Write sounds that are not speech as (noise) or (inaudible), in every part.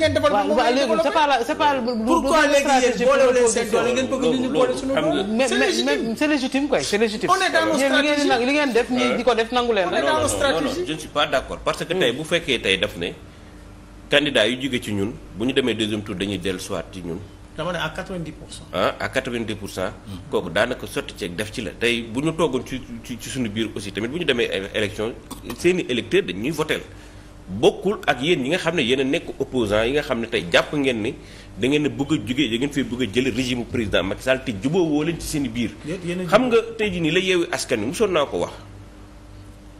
ngeen defal. waaw waaw léegi c'est pas c'est pas pourquoi léegi yéen boolewu leen seen ngeen bëgg nit ñi boole suñu doole. c'est légitime quoi c'est def euh, ko def nangu leen. on est dans une pas d'accord parce que tey hmm. bu fekkee tey daf ne. candidat yu jóge ci ñun bu ñu demee deuxième tour dañuy dellu soit ci ñun. dama ne à 90 pour cent. ah pour cent. kooku daanaka sotti ceeg def ci la tey bu ñu toogoon ci ci suñu biir aussi tamit bu ñu demee élection seeni électeurs dañuy voté bokkul ak yéen yi nga xam ne yéen nekk opposant yi nga xam ne tey jàpp ngeen ni da ngeen bëgg a jugee da ngeen fee bëgg a jël régime président Macky Sall te juboo woo leen ci seen biir xam nga tey jii nii la yeewi askan wi naa ko wax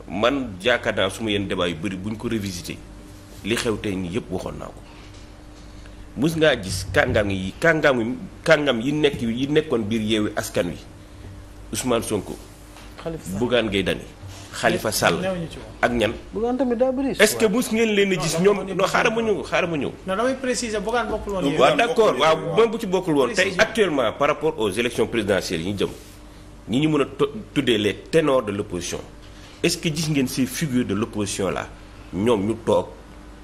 man jaakaar naa su yu bëri bu ñu ko révisité li xew tey nii yëpp waxoon naa ko mus ngaa gis kàngam yi kàngam yi kàngam yi nekk yi nekkoon biir yeewi askan wi Ousmane Sonko Bougane Gueye Dany xalifa Sall ak ñan. Bougane tamit daa bëri est-ce que mus ngeen leen di gis ñoom non xaaral ma ñëw xaaral ma ñëw. non damay préciser Bougane bokkul woon. waaw d'accord waaw même bu ci bokkul woon tey actuellement par rapport aux élections présidentielles yi ñu jëm ñi ñu mën a tuddee les ténors de l'opposition est-ce que gis ngeen ces figures de l'opposition là ñoom ñu toog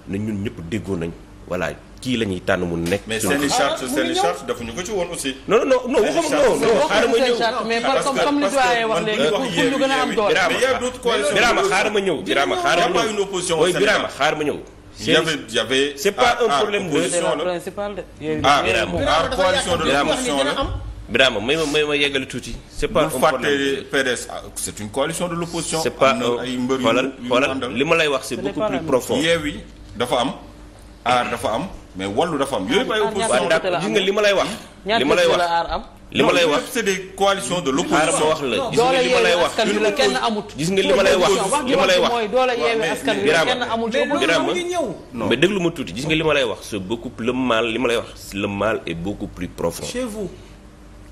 ne ñun ñëpp déggoo nañ voilà. kii la ñuy tànn mu nekk. mais seen i charte ah, seen i charte ko ci woon aussi. non non non waxuma xaaral ma ñëw mais comme comme li doyen wax léegi pour a am doole. Birama xaaral ma ñëw Birama xaaral ma ñëw mooy Birama xaaral ma ñëw. jafe c'est pas un problème de. c'est ah coalition tuuti. c'est pas un problème PDS ah, une coalition de l'opposition. c'est pas ay mbër xoolal li ma lay wax c'est beaucoup plus profond. Yewwi dafa am aar dafa am. mais wallu dafa am yooyu ay opposition gis nga li ma lay wax li ma lay wax li ma lay wax c'est des coalitions de l'opposition wax la gis nga li ma lay wax kenn amut gis nga li ma lay wax li ma lay wax Birama Birama mais déglu tuuti gis nga li ma lay wax c'est beaucoup le mal li ma lay wax la mal est beaucoup plus profond chez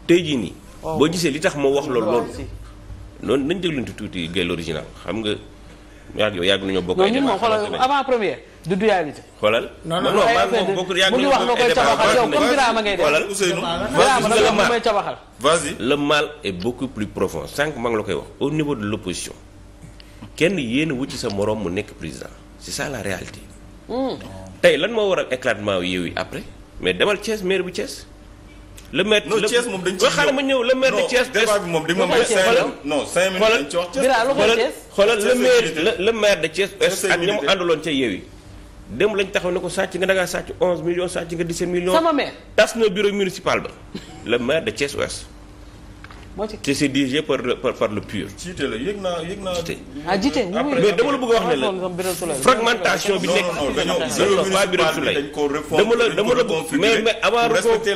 tey jii nii boo gisee li tax ma wax loolu loolu noonu nañ déglu tuuti gay l'original xam nga yàgg yow yàgg nañoo bokk ay avant première du dualité. xoolal non non non man moom bokkul yàgg nañu ko wax yow comme Birama ngay def xoolal Ousseynou. vas-y le mal est beaucoup plus profond sànq maa ngi la koy wax au niveau de l'opposition kenn yéen a wuti sa morom mu nekk président c'est ça la réalité. Hmm. tey lan moo waral éclatement Yewwi après mais demal Thiès maire bu Thiès. le maire non Thiès moom dañ ci xaaral ma ñëw le maire de Thiès. débat bi moom di ma may cinq non cinq minutes dañ ci wax Thiès. xoolal le maire le maire de Thiès ak ñoom àndaloon ca Yewwi dem lañ taxaw ne ko sàcc nga da ngaa sàcc 11 millions sàcc nga 17 millions. sama maire na bureau municipal ba. le maire de Thiès Ouest. te c'est dirigé par le pur. jiite la jiite ah, mais dama la bëgg a wax ne la fragmentation bi nekk. non non pas Birame Souleye dama la dama la mais mais avant. respecter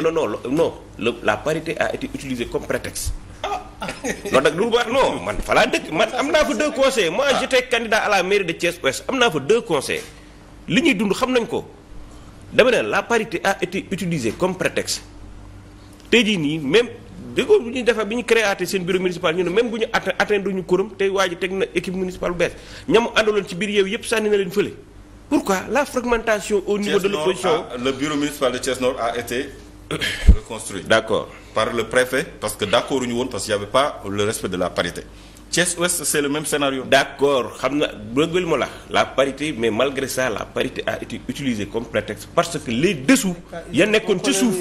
non non non la parité a été utilisée comme prétexte. loolu nag du baax non man fa laa dëkk man am naa fa deux conseillers moi ah. j'étais candidat à la de Thiès Ouest am naa fa deux conseillers. li ñuy dund xam nañ ko dama ne la parité a été utilisée comme prétexte tey jii nii même déggoo bu ñuy defar bi ñu créaté seen bureau municipal ñu ne même bu ñu atte atteindre ñu quorum tey waa teg na équipe municipale bu bees ñamu àndaloon ci biir yeewu yëpp sànni na leen fële pourquoi la fragmentation au niveau de l'opposition le bureau municipal de Thiès Nord a été (coughs) reconstruit d'accord par le préfet parce que d'accord ñu woon parce qu'il y avait pas le respect de la parité Thiès Ouest c'est le même scénario. d'accord xam na bëggal ma la la parité mais malgré ça la parité a été utilisée comme prétexte parce que les dessous ya nekkoon ci suuf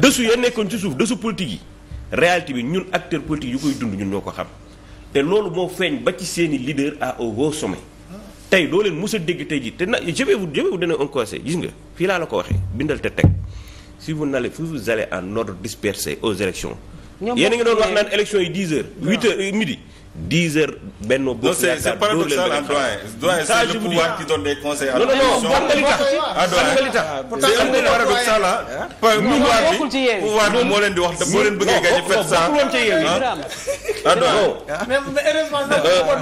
dessous ya nekkoon ci suuf dessous politique yi réalité bi ñun acteurs politiques yu koy dund ñun ñoo ko xam te loolu moo feeñ ba ci seeni leader à au haut sommet tey doo leen mës dégg tey ji te na je vais vous je vais vous donner un gis nga fii laa la ko waxee bindal te teg si vous n'allez vous allez en ordre dispersé aux élections yéen a ngi doon wax naan élection yi 10 heures. 8 heures midi. 10 heures benn bokk yaakaar doo leen benn doyen c'est le pouvoir qui donne des conseils à l'opposition non non xam nga li tax xam nga li tax c'est un peu paradoxal ah pouvoir bi pouvoir bi moo leen di wax boo leen bëggee gagné fête ça ah non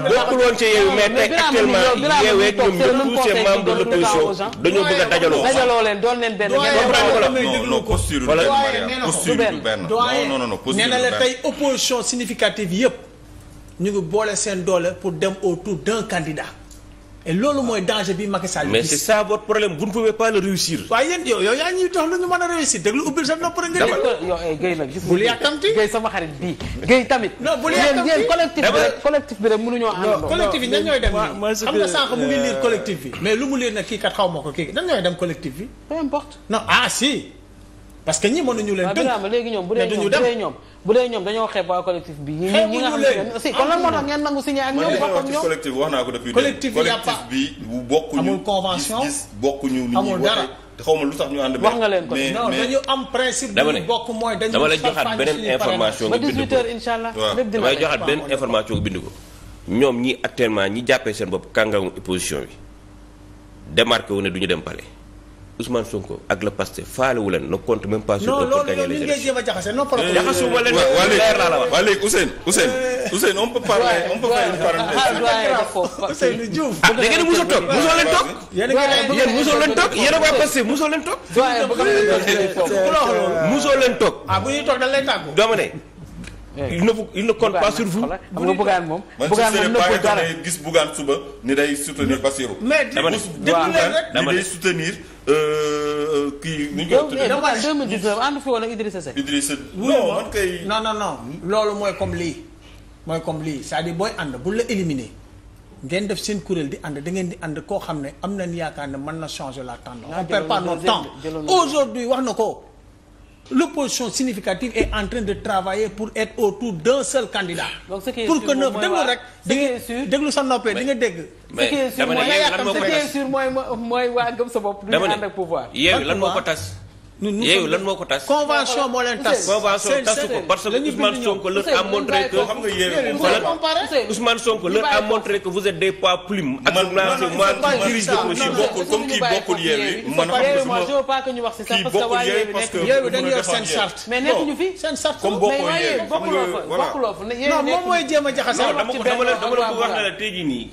bokkul woon ci yeewu ah. ah, euh, mais tey actuellement yeewee ak ñoom ñëpp tous ces membres de l'opposition dañoo bëgg a dajaloo dajaloo leen doon leen benn non posture du benn posture du benn non non non posture du benn nee na la tey opposition significative yëpp ñu ngi boole seen doole pour dem autour d'un candidat et loolu mooy danger bi Macky Sall. mais c'est ça votre problème vous ne pouvez pas le réussir. waaye yéen yow yow yaa ñuy tax lu ñu mën a réussir déglu ubbil sa nopp rek nga. dama yow eh, Guèye yàkkamti Guèye sama xarit bii Guèye tamit. non bul yàkkamti yéen collectif bi rek collectif bi rek ñooy dem nii xam nga mu ngi liir euh, collectif bi. mais lu mu liir nag kii kat xaw ma ko kii ñan ñooy dem collectif bi. peu importe. non ah leen. dënk waaw léegi ñoom bu dee ñoom bu dee ñoom dañoo xeeb waa collectif bi. ñi ñi nga xam ne aussi kon lan moo tax ngeen nangu signé ak ak ñoom wax naa ko depuis collectif bi bokkuñu amul convention bokkuñu ni ñuy wote te xaw ma lu sax ñu ànd. wax nga leen ko non dañu am principe. dama ne dama lay joxaat beneen information nga bind ko incha allah. lépp dina lay joxaat beneen information nga bind ko ñoom ñi actuellement ñi jàppee seen bopp kàngamu opposition bi démarqué wu ne du ñu dem palais Ousmane Sonko ak le Pastef faalewu leen ne compte même pas. sur eux pour gagner les élections non loolu yow jaxasuma leen la wax waa eh, on peut parler on peut faire une parenthèse. ah da ngeen musoo toog musoo leen toog. yéen musoo leen toog a musoo leen toog. musoo leen toog. Ah, bu ñuy toog dañ lay tàggu. Eh. il ne vous il ne compte pas sur vous. bu dee bugaan moom bugaan moom nëbbul dara man gis bugaan suba dama ne dama ne euh, euh, kii. nu ñu koy tuddee eh, ànd fi woon ak Idrissa Seck. Idrissa loolu mooy comme lii mooy comme lii cest à booy ànd bu la éliminer ngeen def seen kuréel di ànd da ngeen di ànd koo xam ne am nañ yaakaar ne mën na changer la tendance. on perd pas notre temps aujourd'hui wax na ko. l'opposition significative est en train de travailler pour être autour d'un seul candidat. pour que neuf déglu rek. di sa noppee di nga dégg. mais dama ne lan moo ko tas ce qui sa bopp. du ñu ànd ak pouvoir. lan moo tas. yooyu lan moo ko tas. convention moo leen tas. convention tasu ko parce que Ousmane Sonko leur a montré que. xam nga yéen la bëgg wax ne la tey nii.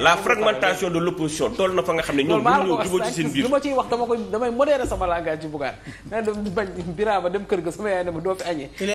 la fragmentation de l'opposition toll na fa nga xam ne ñoom mënuñoo jubóo ci seen biir. lu ma ciy wax dama koy damay modéré sama langage ci Bougane (laughs) na dem bañ biraama dem kër ga sama yaay ne ma doo fi